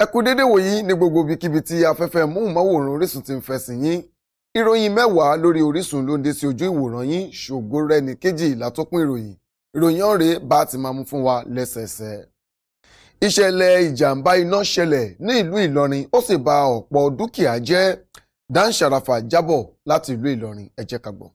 ẹ kú dédé wòyí ní gbogbo ibikíbi tí afẹ́fẹ́ móhùnmáwòrán orísun ti ń fẹsìn yín ìròyìn mẹ́wàá lórí orísun ló ń dé sí ojú ìwòran yín ṣògo rẹni kejì látọ́kùn ìròyìn ìròyìn ọ̀rẹ́ bá ti máa mú fún wa lẹ́sẹẹsẹ. ìṣẹ̀lẹ̀ ìjàmbá iná ṣẹlẹ̀ ní ìlú ìlọrin ó sì bà ọ̀pọ̀ dúkìá jẹ́ Dan Sharafa jábọ̀ láti ìlú ìlọrin ẹ jẹ́ ká gbọ́.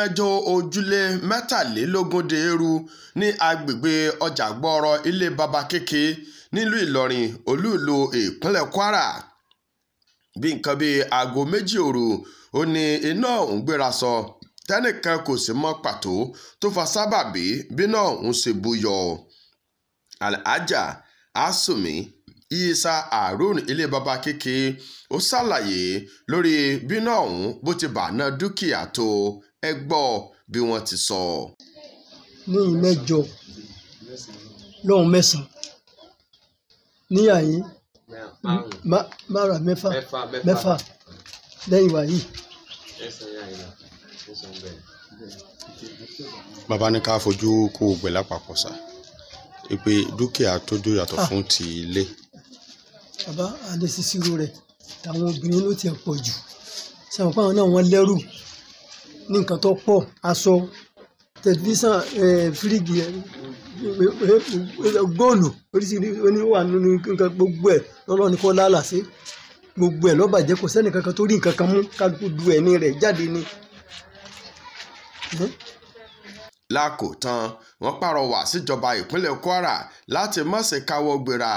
mẹ́jọ ojúlé mẹ́tàlélógún dèrú ní agbègbè ọjà gbọ́rọ̀ ilé baba kéke nílùú ìlọrin olú ìlú ìpínlẹ̀ kwara bí nǹkan bíi aago méjì òru ó ní iná ọ̀hún gbéra sọ tẹ́nìkan kò sì mọ pàtó tó fa sábàbí bíná ọ̀hún ṣe buyọ̀ alhaja asumi isa harun ilé baba kéke ó ṣàlàyé lórí bíná ọ̀hún bó ti bà ná dúkìá tó ẹ gbọ́ bí wọ́n ti sọ. lẹ́yìn mẹ́jọ lọ́hùn mẹ́sàn-án ní àyín mara mẹ́fà mẹ́fà lẹ́yìn wáyé. bàbá ní ká fojú kó o gbẹ̀ lápapọ̀ sá pé dúkìá tójú yàtọ̀ ah. fún ti ilé. bàbá alẹ́ sísírò rẹ̀ tàwọn obìnrin ló ti ẹ̀ pọ̀ jù sẹ́wọ̀n pàwọn náà wọ́n lẹ́rù ní nǹkan tó pọ̀ aṣọ tẹlifíṣàn fíríjì góòlù oríṣiríṣi oníwà nínú nǹkan gbogbo ẹ̀ lọ́lọ́run ní kó lálà sí gbogbo ẹ̀ ló bàjẹ́ kò sẹ́ni kankan tó rí nǹkan kan mú kálukú du ẹ̀mí rẹ̀ jáde ni. Hmm? lákòótán wọ́n pàrọwà síjọba ìpínlẹ̀ Kwara láti má ṣe káwọ́ gbéra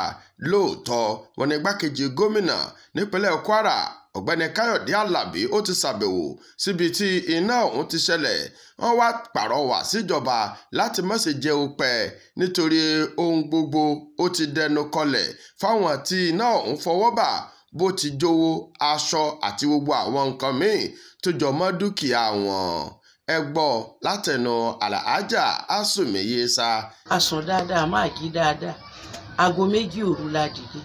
lóòótọ́ wọn ni igbákejì gómìnà nípínlẹ̀ Kwara ọ̀gbẹ́ni káyọ̀dé alábí ó ti ṣàbẹ̀wò síbi tí iná ọ̀hún ti ṣẹlẹ̀ wọ́n wá pàrọwà síjọba láti má ṣe jẹ́ òpẹ́ nítorí ohun gbogbo ó ti dẹnu kọlẹ̀ fáwọn tí iná ọ̀hún fọwọ́ bà bó ti jówó aṣọ àti gbogbo àwọn nǹkan míì tó jọ mọ́ dúkìá wọn ẹ gbọ́ látẹnu àlàájà asùnmí yéṣà. a dáadáa máa jí dáadáa aago méjì òru la dìde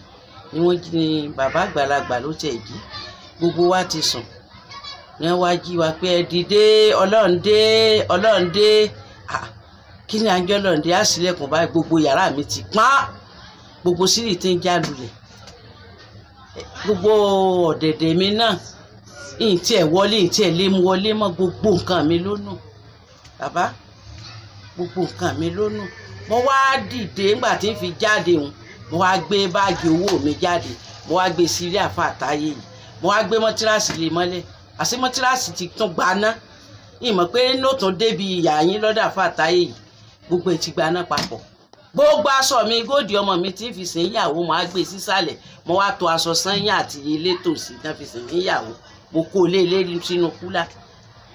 ni wọ́n ní bàbá àgbàlagbà ló tẹ̀ jí gbogbo wa ti sùn yẹn wá jí wa pé ẹ dìde ọlọ́run dé ọlọ́run dé kí ni àjọ ọlọ́run dé àṣìlẹ̀kùn báyìí gbogbo yàrá mi ti pọ́n gbogbo sílì tí ń já lulẹ̀ gbogbo ọ̀dẹ̀dẹ̀ mi náà ìyìn tí ẹ̀ wọlé ìyìn tí ẹ̀ lé mu wọlé mọ́ gbogbo nǹkan mi lónù bàbá gbogbo nǹkan mi lónù mo wá dìde ńgbà tí n fi jáde òun mo wá gbé báàgì owó mi jáde mo wá gbé sílé àfa àtàyè yìí mo wá gbé mọ́tírasì lè mọ́lẹ̀ àti mọ́tírasì ti tún gbaná ìmọ̀ pé ló tún débi ìyá yín lọ́dà fàtáyé gbogbo ẹ̀ gbaná papọ. gbogbo aṣọ mi góòdì ọmọ mi tí fi ṣe ìyàwó mo á gbé sísàlẹ̀ mo wá to aṣọ sanyìn àti ilé tòsí náà fi ṣe ìyàwó mo kó lé lérí sínú kúlà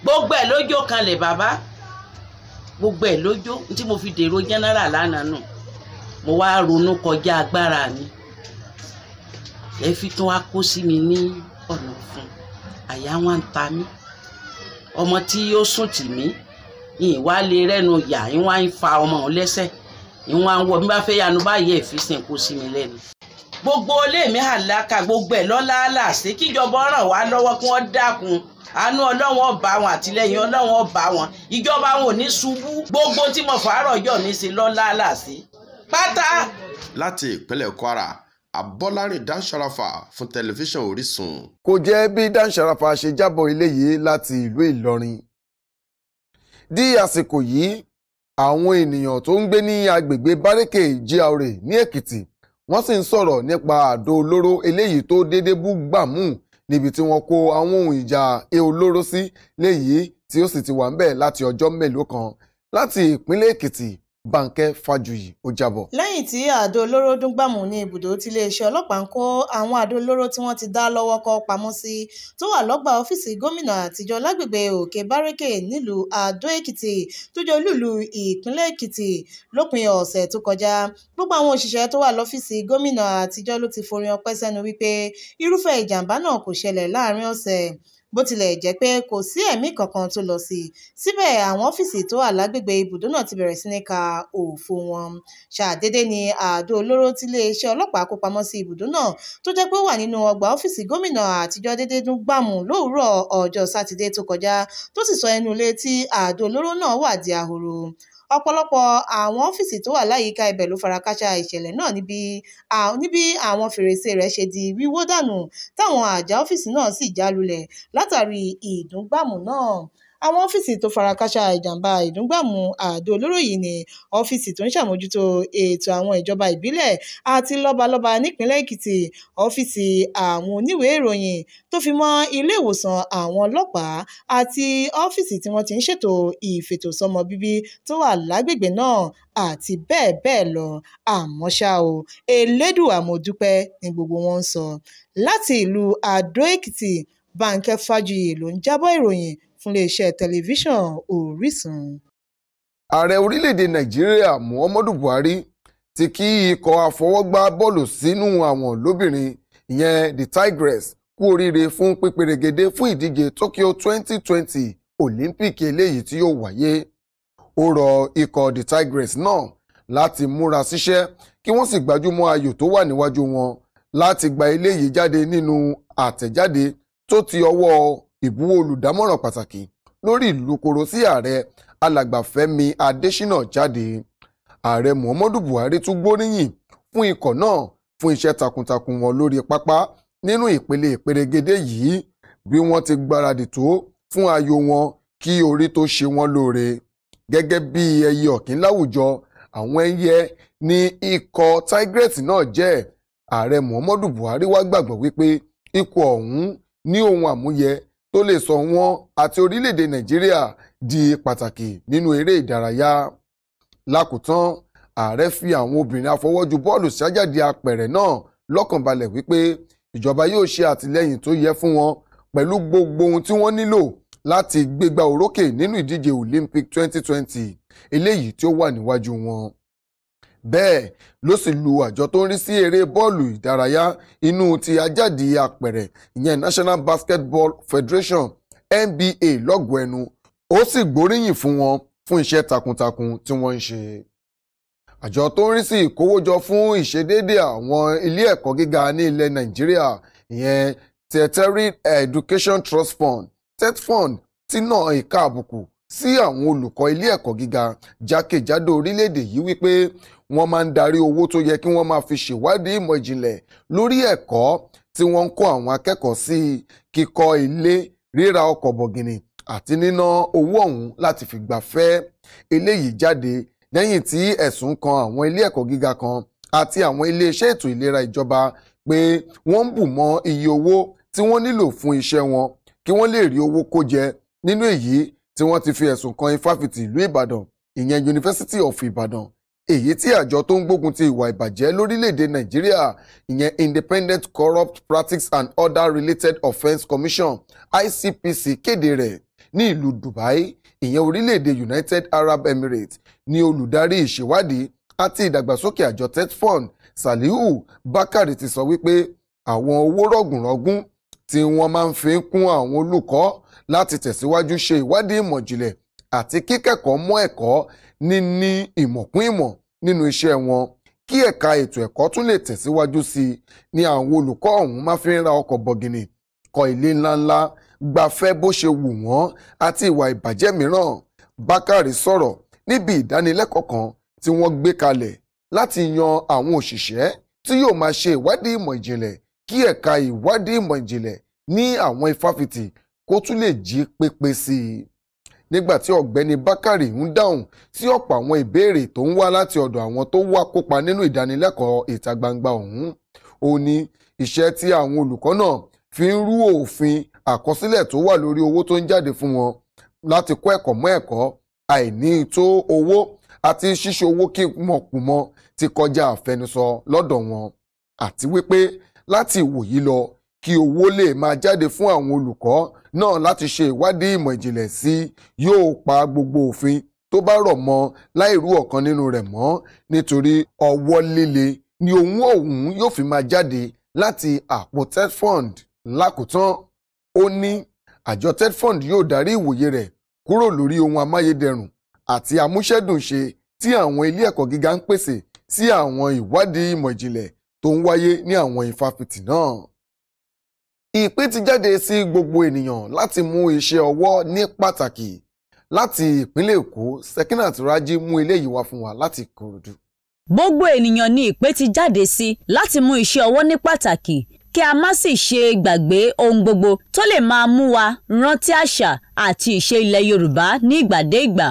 gbogbo ẹ̀ lójó kanlẹ̀ bàbá gbogbo ẹ̀ lójó tí mo fi dèrò jẹ́nẹ́rà lánàá nù mo wá ronú kọjá agbára mi ẹ fi tún wá kó sí mi ní. Ni ọ̀nà fún àyà wọn ń ta mí ọmọ tí yóò sùn tì mí yìnyín wá lè rẹ́nu yà yín wá ń fa ọmọ òun lẹ́sẹ̀ yín wá ń wọ bí bá fẹ́ yanu báyìí èéfín sì ń kó sí mi lẹ́nu. gbogbo ilé mi àlàkà gbogbo ẹ̀ lọ́láàlà sí kíjọba ràn wá lọ́wọ́ kí wọ́n dákun àánú ọlọ́wọ́n ọba wọn àtìlẹ́yìn ọlọ́wọ́n ọba wọn ìjọba wọn ò ní ṣubú gbogbo tí mo fàárọ̀ yọ̀ ní í ṣe lọ́láàlà sí pátá. láti ìpínlẹ̀ Kwara abọ́lárìn dáńsáráfà fún tẹlifíṣàn orísun. kò jẹ́ bí dáńsáráfà ṣe jábọ̀ eléyìí láti ìlú ìlọrin. di àsìkò yìí àwọn ènìyàn tó ń gbé ní agbègbè bárẹ́kè GRA ní èkìtì wọ́n sì ń sọ̀rọ̀ nípa àdó olóró eléyìí tó déédé bú gbàmù níbi tí wọ́n kó àwọn ohun ìjà e olóró sí léyìí tí ó sì ti wà ń bẹ̀ láti ọjọ́ mélòó kan láti ìpínlẹ̀ èkìtì Bánkẹ́ Fájuyì ó jábọ̀. lẹ́yìn tí àdó olóró dún gbàmù ní ibùdó tí iléeṣẹ́ ọlọ́pàá ń kó àwọn àdó olóró tí wọ́n ti dá lọ́wọ́ kọ́ pamọ́ sí tó wà lọ́gbà ọ́fíìsì gómìnà àtijọ́ lágbègbè òkè bárẹ́kè nílùú àdó èkìtì tó jẹ́ olúùlú ìpínlẹ̀ èkìtì lópin ọ̀sẹ̀ tó kọjá gbogbo àwọn òṣìṣẹ́ tó wà lọ́fíìsì gómìnà àtijọ́ ló ti forin ọpẹ́ sẹ́nu wípé irúfẹ́ ìjàmbá náà kò ṣẹlẹ̀ láàrin ọ̀sẹ̀ bó tilẹ̀ jẹ́ pé kò sí ẹ̀mí kankan tó lọ sí i síbẹ̀ àwọn ọ́fíìsì tó wà lágbègbè ibùdó náà ti bẹ̀rẹ̀ sí ní ka òfo wọn ṣàdédé ni àdó olóró tiléeṣẹ́ ọlọ́pàá kó pamọ́ sí ibùdó náà tó jẹ́ pé ó wà nínú ọgbà ọ́fíìsì gómìnà àtijọ́ dédé dún gbàmù lówùúrọ̀ ọjọ́ sátidé tó kọjá tó sì sọ ẹnu ilé tí àdó olóró náà wà di ahoro ọ̀pọ̀lọpọ̀ àwọn ọ́fíìsì tó wà láyìíká ibẹ̀ ló fara kááṣá ìṣẹ̀lẹ̀ náà níbi níbi àwọn fèrèsé rẹ̀ ṣe di wíwó dànù táwọn àjà ọ́fíìsì náà sì já lulẹ̀ látàrí ìdúngbàmù náà àwọn ọ́fíìsì tó fara kááṣá ìjàmbá ìdúngbàmù àdó olóró yìí ni ọ́fíìsì tó ń ṣàmójútó ètò àwọn ìjọba ìbílẹ̀ àti lọ́balọ́ba nípínlẹ̀ èkìtì ọ́fíìsì àwọn oníwèé ìròyìn tó fi mọ́ ilé ìwòsàn àwọn ọlọ́pàá àti ọ́fíìsì tí wọ́n ti ń ṣètò ìfètòsọ́mọ bíbí tó wà lágbègbè náà àti bẹ́ẹ̀ bẹ́ẹ̀ lọ àmọ́ ṣá o elédùà mo dúpẹ́ ni gbogbo wọn ń sọ láti ìlú àdó èkìtì bánkẹ́ fájuyì ló ń jábọ̀ ìròyìn fún iléeṣẹ́ tẹlifíṣàn Orísun. ààrẹ orílẹ̀-èdè nàìjíríà muhammadu buhari ti kí ikọ̀ àfọwọ́gbá bọ́ọ̀lù sínú àwọn lóbìnrin ìyẹn the Tigress kú oríire fún pípèrègede fún ìdíje Tokyo 2020 Olympic eléyìí tí yóò wáyé ó rọ ikọ̀ the Tigress náà láti múra síṣẹ́ kí wọ́n sì gbájúmọ́ ayò tó wà níwájú wọn láti gba eléyìí jáde nínú àtẹ̀jáde tó ti ọwọ́ ìbúwó olùdámọ̀ràn pàtàkì lórí ìlú koro sí ààrẹ alàgbà Fẹ́mi Adésínà jáde ààrẹ Muhammadu Buhari tún gbóríyìn fún ikọ̀ náà fún iṣẹ́ takuntakun wọn lórí pápá nínú ìpele ìperégedé yìí bí wọ́n ti gbáradì tó fún ayò wọn kí orí tó ṣe wọ́n lóore gẹ́gẹ́ bí ẹyẹ ọ̀kín láwùjọ àwọn ẹyẹ ní ikọ̀ tigrate náà jẹ́ ààrẹ Muhammadu Buhari wá gbàgbọ́ wípé ikọ̀ ọ̀hún ní ohun àmúyẹ tó lè sọ wọ́n àti orílẹ̀-èdè nàìjíríà di pàtàkì nínú eré ìdárayá lákòótán ààrẹ fi àwọn obìnrin afọwọ́jú bọ́ọ̀lù ṣájáde apẹ̀rẹ̀ náà lọ́kàn balẹ̀ wípé ìjọba yóò ṣe àtìlẹ́yìn tó yẹ fún wọn pẹ̀lú gbogbo ohun tí wọ́n nílò láti gbégbá orókè nínú ìdíje Olympic 2020 eléyìí tí ó wà níwájú wọn bẹ́ẹ̀ ló sì lu àjọ tó ń rí sí eré bọ́ọ̀lù ìdárayá inú ti ajáde apẹ̀rẹ̀ ìyẹn National Basketball Federation NBA lọ́gọ̀ọ́ ẹnu ó sì gbóríyìn fún wọn fún iṣẹ́ takuntakun tí wọ́n ń ṣe àjọ tó ń rí sí ìkówójọ fún ìṣedéédé àwọn ilé ẹ̀kọ́ gíga ní ilẹ̀ Nàìjíríà ìyẹn tertiary education trust fund TET fund tí náà ìka àbùkù sí àwọn olùkọ́ ilé ẹ̀kọ́ gíga jákèjádò orílẹ̀-èdè yìí wípé wọ́n máa ń darí owó tó yẹ kí wọ́n máa fi ṣèwádìí ìmọ̀ ìjìnlẹ̀ lórí ẹ̀kọ́ tí wọ́n ń kọ́ àwọn akẹ́kọ̀ọ́ sí kíkọ́ ilé ríra ọkọ̀ bọ̀gìnì àti níná owó ọ̀hún láti fi gbafẹ́ eléyìí jáde lẹ́yìn tí ẹ̀sùn kan àwọn ilé ẹ̀kọ́ gíga kan àti àwọn iléeṣẹ́ ètò ìlera ìjọba pé wọ́n ń bù mọ́ iye owó tí wọ́n nílò fún iṣẹ́ wọn kí wọ́n lè rí owó kó jẹ nínú èyí tí wọ́n ti fi ẹ̀sùn kan ifáfitì ìlú Ìbàdàn ìyẹn University of Ìbàdàn èyí tí àjọ tó ń gbógun ti ìwà ìbàjẹ́ lórílẹ̀‐èdè Nàìjíríà ìyẹn Independent Corrupt Practices and Other Related Offence Commission ICPC kéde rẹ̀ ní ìlú Dubai ìyẹn orílẹ̀‐èdè United Arab Emirates ní olùdarí ìṣèwádìí àti ìdàgbàsókè àjọ TETFund saliu Bakari ti sọ wípé àwọn owó rọ̀gùnrọ̀gùn tí wọ́n máa ń fi kún àwọn olùkọ́ láti tẹ̀síwájú ṣe ìwádìí ìmọ̀ jìnlẹ̀ àti kíkẹ́kọ̀ọ́ mọ́ ẹ̀kọ́ níní ìmọ̀kún ìmọ̀ nínú iṣẹ́ wọn kí ẹ̀ka ètò ẹ̀kọ́ tún lè tẹ̀síwájú sí i ni àwọn olùkọ́ ọ̀hún máa fi ń ra ọkọ̀ bọ̀gìnì kọ́ ilé ńláńlá gbafẹ́ bó ṣe wù wọ́n àti ìwà ìbàjẹ́ mìíràn Bákàrí sọ̀rọ̀ níbi ìdánilẹ́kọ̀ọ́ kan tí wọ́n gbé kalẹ̀ láti yan àwọn òṣìṣẹ́ tí yóò máa ṣe ìwádìí ìmọ̀ ìjìnlẹ̀ kí ẹ̀ka ìwádìí ìmọ̀ ìjìnlẹ̀ ní àwọn ifáfitì kó tún lè jí pépé sí i nígbà tí ọ̀gbẹ́ni Bákàrè ń dáhùn sí ọ̀pọ̀ àwọn ìbéèrè tó ń wá láti ọ̀dọ̀ àwọn tó wá kópa nínú ìdánilẹ́kọ̀ọ́ ìta gbangba ọ̀hún ó ní iṣẹ́ tí àwọn olùkọ́ náà fi ń rú òfin àkọsílẹ̀ tó wà lórí owó tó ń jáde fún wọn láti kọ́ ẹ̀kọ́ mọ́ ẹ̀kọ́ àìní tó owó àti ṣíṣe owó kí mọ̀kùmọ̀ ti kọjá àfẹnusọ lọ́dọ̀ wọn àti wípé láti ìwòyí lọ kí owó lè máa jáde fún àwọn olùkọ́ náà láti ṣe ìwádìí ìmọ̀ ìjìnlẹ̀ sí yóò pa gbogbo òfin tó bá rọ̀ mọ́ láìrú ọ̀kan nínú rẹ̀ mọ́ nítorí ọwọ́ líle ni òun òun yóò fi máa jáde láti àpò TETFund lákòótán ó ní àjọ TETFund yóò darí ìwòye rẹ̀ kúrò lórí ohun amáyédẹrùn àti amúṣẹ́dùnṣe tí àwọn ilé ẹ̀kọ́ gíga ń pèsè sí àwọn ìwádìí ìmọ̀ ìjìnlẹ̀ tó ń wáyé ní àwọn ìfàfitì náà. ìpè ti jáde sí gbogbo ènìyàn láti mú iṣẹ́ ọwọ́ ní pàtàkì láti ìpínlẹ̀ Èkó Sekinat Raji mú eléyìí wá fún wa láti Ìkòròdú. gbogbo ènìyàn ni ìpè ti jáde sí láti mú iṣẹ́ ọwọ́ ní pàtàkì kí a má sì ṣe gbàgbé ohun gbogbo tó lè máa mú wa rántí àṣà àti ìṣe ilẹ̀ Yorùbá ní ìgbà dé ìgbà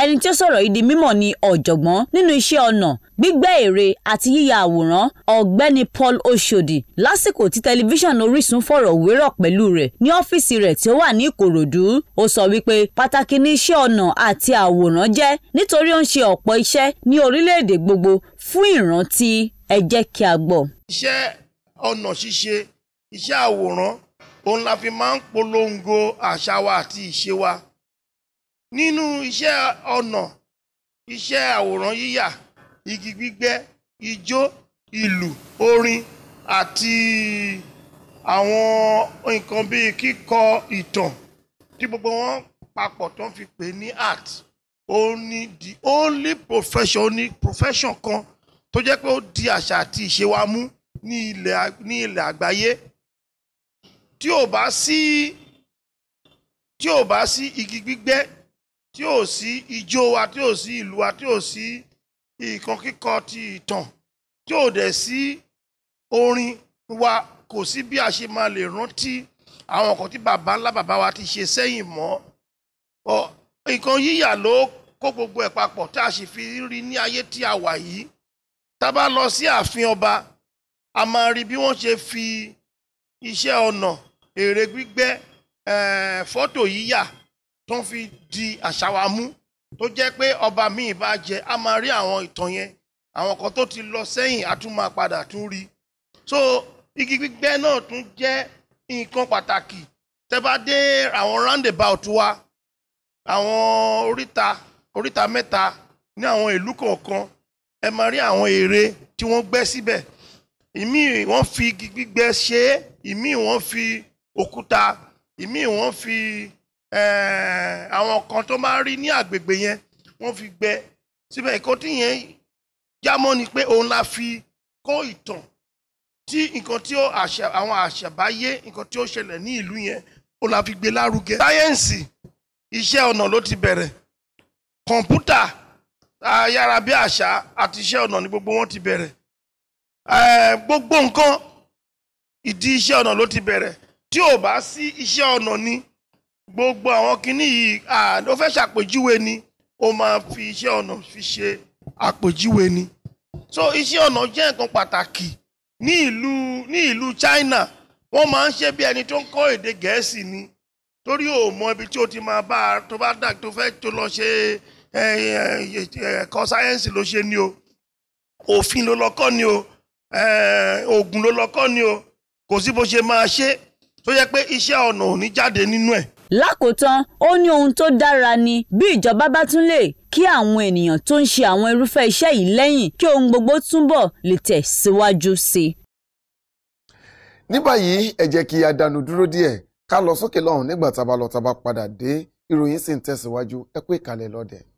ẹni tí ó sọ̀rọ̀ yìí di mímọ̀ ni ọ̀jọ̀gbọ́n nínú iṣẹ́ ọnà gbígbẹ́ ère àti yíya àwòrán ọ̀gbẹ́ni Paul Oshodi lásìkò tí tẹlifíṣàn Orísun fọ̀rọ̀ wérọ̀ pẹ̀lú rẹ̀ ní ọ́fíìsì rẹ̀ tí ó wà ní Ìkòròdú ó sọ wípé pàtàkì ní iṣẹ́ ọnà àti àwòrán jẹ́ nítorí ó ń ṣe ọ̀pọ̀ iṣẹ́ ní orílẹ̀-èdè gbogbo fún ìrántí ẹ kí a gbọ́. iṣẹ́ ọnà ṣíṣe iṣẹ́ àwòrán òun la fi máa ń polongo àṣà wa àti ìṣe wa nínú iṣẹ́ ọnà iṣẹ́ àwòrán yíyà igi gbígbẹ́ ijó ìlù orin àti àwọn nǹkan bíi kíkọ ìtàn tí gbogbo wọn papọ̀ tó ń fi pè ní art ó ní the only profession ní profession kan tó jẹ́ pé ó di àṣà àti ìṣe wa mú ní ilẹ̀ ní ilẹ̀ àgbáyé tí ò bá sí tí ò bá sí igi gbígbẹ́ tí ò sí ijó wa tí ò sí ìlú wa tí ò sí ìkan kíkọ ti ìtàn tí ò dẹ̀ sí orin wa kò sí bí a ṣe máa lè rántí àwọn nǹkan tí bàbá ńlá bàbá wa ti ṣe sẹ́yìn mọ́ ọ nǹkan yíyà ló kó gbogbo ẹ̀ papọ̀ tá a sì fi rí ní ayé tí a wà yìí tá a bá lọ sí ààfin ọba a máa rí bí wọ́n ṣe fi iṣẹ́ ọnà èrè gbígbẹ́ fọ́tò yíyà tó fi di àṣà wa mú tó jẹ́ pé ọba míì bá jẹ a máa rí àwọn ìtàn yẹn àwọn kan tó ti lọ sẹ́yìn a tún máa padà tún rí so igi gbígbẹ́ náà tún jẹ́ nǹkan pàtàkì tẹ́ bá dé àwọn roundabout wa àwọn oríta oríta mẹ́ta ní àwọn ìlú kọ̀ọ̀kan ẹ máa rí àwọn ère tí wọ́n gbẹ́ síbẹ̀ ìmí wọ́n fi igi gbígbẹ́ ṣe é ìmí wọ́n fi òkúta ìmí wọ́n fi Eh, àwọn kan tó máa rí ní àgbègbè yẹn wọ́n fi gbẹ síbẹ̀ nǹkan tí yẹn jámọ́ ni pé òun la fi kó ìtàn tí nǹkan tí àwọn àṣàbáyé nǹkan tí ó ṣẹlẹ̀ ní ìlú yẹn ó la fi gbé lárugẹ. sáyẹ́ǹsì iṣẹ́ ọnà ló ti bẹ̀rẹ̀ kọ̀ǹpútà ayára bí àṣá àti iṣẹ́ ọnà ni gbogbo wọn ti bẹ̀rẹ̀ eh, gbogbo nǹkan ìdí iṣẹ́ ọnà ló ti bẹ̀rẹ̀ tí ò bá sí iṣẹ́ ọnà ni gbogbo àwọn kinní yìí ó fẹ́ ṣàpèjúwe ni ó máa fi iṣẹ́ ọnà fi ṣe àpèjúwe ni so iṣẹ́ ọnà jẹ́ nǹkan pàtàkì ní ìlú ní ìlú China wọ́n máa ń ṣe bí ẹni tó ń kọ́ èdè gẹ̀ẹ́sì ni torí ò mọ ibi tí o ti máa bá a tó bá dà tó fẹ́ tó lọ ṣe ẹ̀kọ́ sáyẹ́ǹsì ló ṣe ni o òfin ló lọ ni o oògùn ló lọ ni o kò sí bó ṣe máa ṣe tó yẹ pé iṣẹ́ ọnà ò ní jáde nínú ẹ̀ lákòótán ó ní ohun tó dára ni bí ìjọba bá tún lè kí àwọn ènìyàn tó ń ṣe àwọn irúfẹ́ iṣẹ́ yìí lẹ́yìn kí ohun gbogbo túbọ̀ lè tẹ̀ síwájú sí i. ní báyìí ẹ jẹ́ kí a dánu dúró díẹ̀ ká lọ sókè lọ́hùn nígbà tá a bá lọ tá a bá padà dé ìròyìn sì ń tẹ̀síwájú ẹ kú ìkàlẹ̀ lọ́dẹ̀ẹ́.